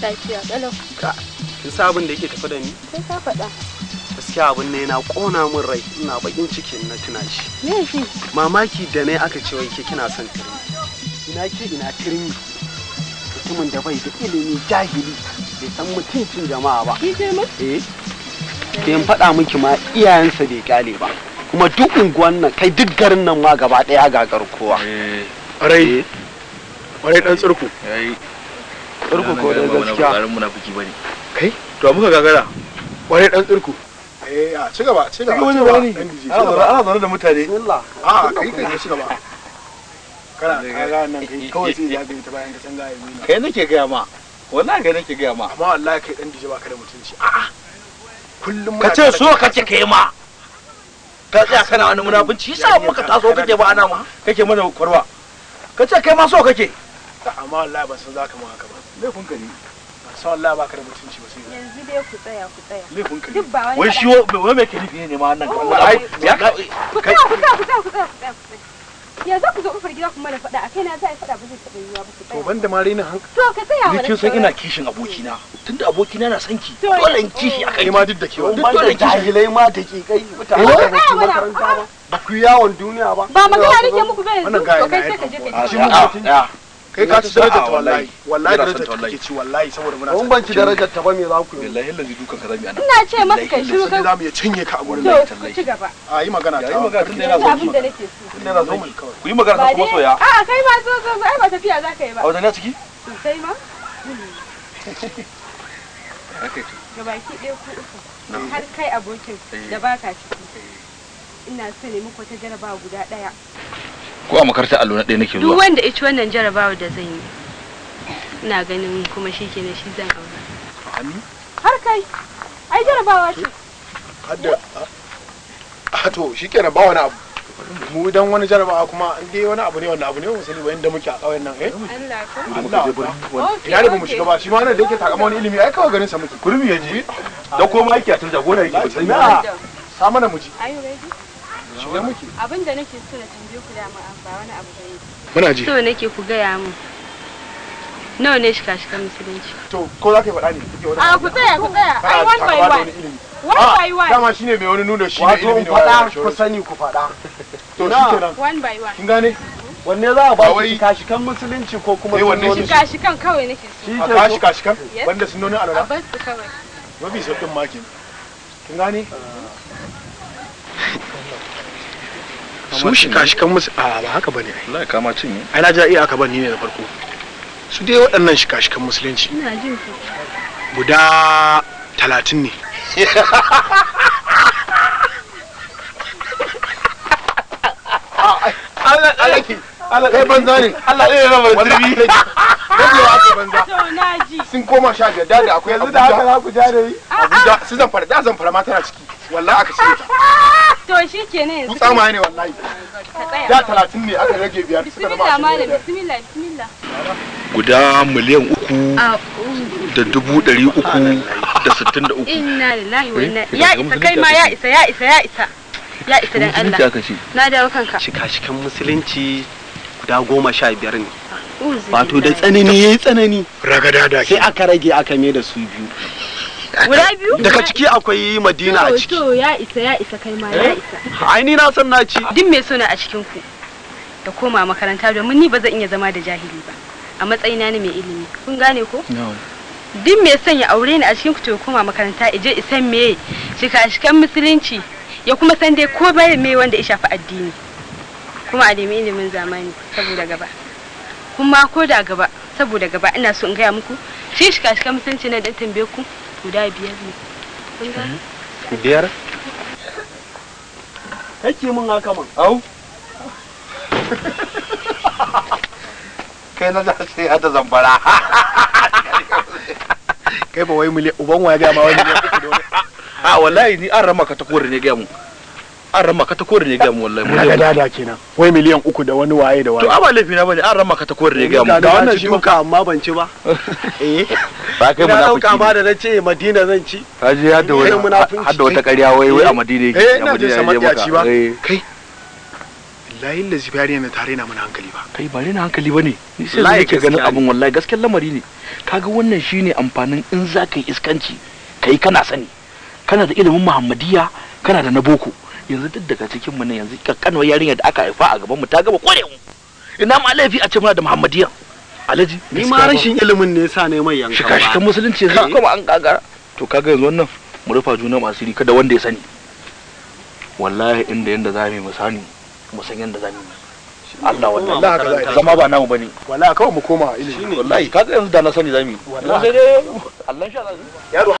Lafiya kalau. kin sa abin da yake tafi da ni? Sai ka faɗa. Gaskiya abin ne yana ƙona min rai, ina bakin cikin na tuna shi. Me shi? Mamaki da ne aka ce wai ke kina son turmi. Ina ke ina turmi. Mutumin da bai da ilimi jahili bai san mutuncin jama'a ba. Ki ce min? Eh. faɗa miki ma iyayensa bai kyale ba. Kuma duk unguwan nan kai duk garin nan ma gaba ɗaya ga garkuwa. Eh. Ƙwarai. Eh. Ƙwarai ɗan Tsurku ko dai gaskiya. bane. Kai? To muka dan tsurku. Eh, a ci gaba, ci gaba. Wani wani. Ana zaune da mutane. Bismillah. A kai kai ci kai kawai sai ya ta bayan ka Kai nake ga ma. Wallahi kai ma. Amma wallahi kai dan dije da mutunci. Kullum so kai ma. Ka kana wani munafunci yasa muka taso kake ba ana ma kake mana Ka ce kai ma so kake. Amma wallahi ban san za ka haka ba. laifin ka ne ba san Allah ba ka da mutunci ba sai yanzu dai ku tsaya ku tsaya laifin ka ne duk ba wani wai shi wai me ke nufi ne ma wannan oh, ka ai ya ka ku tsaya ku tsaya ku tsaya ku tsaya ku zo gida kuma da faɗa a kai na za a faɗa ba zai taɓa yiwuwa ba ku tsaya to banda ma rainin hankali to ka tsaya wani kin san ina kishin abokina tunda abokina na sanki dole in kishi a kai ma duk da kewa duk dole jahilai ma da ke kai mutane da eh? ke makaranta ba ah. ku yawon duniya ba ba magana nake muku ba yanzu to kai sai ka je ka ci kai ka ci darajar ta wallahi wallahi darajar ta kake ci wallahi saboda muna mun banci darajar ta ba me za ku yi wallahi lazi dukan ka zabi anan ina ce maka kai shiru kai zamu ya cinye ka a gurin nan tallahi ci gaba a yi magana ta yi magana tunda yana so abin da nake so tunda yana so ku yi magana ta kuma soya a kai ma zo zo ai ba tafiya za ka yi ba a wajen ciki sai ma ake to gabaki ɗaya ku uku har kai abokin da baka ciki eh. ina so ne muku ta jaraba guda ɗaya ko a makarantar allo na ɗaya nake zuwa duk wanda ya ci wannan jarabawa da zan yi ina ganin kuma shi kenan shi zan aura har kai ai jarabawa ce a to shi kenan ba wani abu mu dan wani jarabawa kuma dai wani abu ne wani abu ne musali ba inda muke a ƙauyen nan eh Allah Allah ina da mu shiga ba shi ma nan da yake takama wani ilimi ai kawai sa muke kurmi yaji da ma yake a tarja gona yake ba sai na sa mana mu are ready shiga muke abin da nake so na tambaye ku da ah, ba wani abu bane muna ji so nake ku gaya mu nawa ne shika shika musulunci to ko za ka faɗa ne kuke wani a ah, ku tsaya ku tsaya ah, ai one dama shine mai wani nuna shi ne ku sani ku faɗa to kin gane wanne za a ba ku shika musulunci ko kuma eh, sunnoni shika kawai nake so a ka shika banda sunnonin alwala a bar kawai mafi sauƙin makin kin gane su shika shikan musu a ba haka bane ai Allah kama cin ne ai na ji iya aka bani ne da farko su dai waɗannan shika shikan musulunci ina jin ku guda talatin ne Allah Allah Allah kai banza ne. Allah raba banza. Sun koma sha biyar da akwai Yanzu da haka za ku ja da yi. Abuja su zan da zan ma tana ciki. Wallahi aka cire ta. To shi ke ne yanzu. Kutsa ma ne wallahi. Da talatin ne aka rage biyar ashirin. Bismillah malam bismillah bismillah. Guda miliyan uku da dubu ɗari uku da sittin da uku. Inna lillahi wa inna eh, ya isa kai ma ya isa ya isa ya isa. Ya isa dan Allah. Na dawo kanka. Shika shikan musulunci guda goma sha biyar ne wato da tsanani ya yi tsanani ragada da sai aka rage aka mai da su biyu daga ciki akwai madina a ciki ya isa ya isa kai ma ya eh? isa aini na san na ci duk mai suna a cikin ku da koma makaranta domin ni ba zan iya zama da jahili ba a matsayina ne mai ilimi kun gane ko duk mai son ya aure ni a cikin ku to koma makaranta ije isan me shika shikan musulunci ya kuma san dai ko bai me wanda ya shafi addini kuma a nemi ilimin zamani saboda gaba kuma ko da gaba saboda gaba ina so in gaya muku shi shika shika na da tambaye ku guda biyar ne biyar kake mun haka man au kai na da sai hada zambara kai ba wai miliyan uban waya ga ma wani a wallahi ni an rama ka ta kore ne ga mu an rama ka ta kore ne ga mu wallahi da dada kenan wai miliyan uku da wani waye da waye to ba laifi na bane an rama ka ta kore ne ga mu ga wannan shi duka amma ban ci ba eh ba kai munafiki na ba da na ce madina zan ci haji hadda wai hadda wata ƙarya wai wai a madina yake eh ina jin samadiya ci ba eh. kai layin da zibiyar na tare na mana hankali ba kai ba na hankali ba ne ni sai zai ke ganin abin wallahi gaskiyar lamari ne kaga wannan shine amfanin in zaka yi iskanci kai kana sani kana da ilimin muhammadiya kana da na boko yanzu duk daga cikin mu ne yanzu kakkanwa yarinya da aka haifa a gaban mu ta gaba kore mu ina ma laifi a ce muna da muhammadiyan. alhaji ni ma rashin ilimin ne yasa ne mai yanka shika shikan musulunci yanzu kuma an kagara to kaga yanzu wannan mu rufa juna masu ri kada wanda ya sani wallahi inda yanda za mu sani mu san yanda za mu Allah wallahi haka za zama ba namu bane wallahi kawai mu koma ilimi wallahi kaga yanzu da na sani za mu yi sai dai Allah insha Allah yaro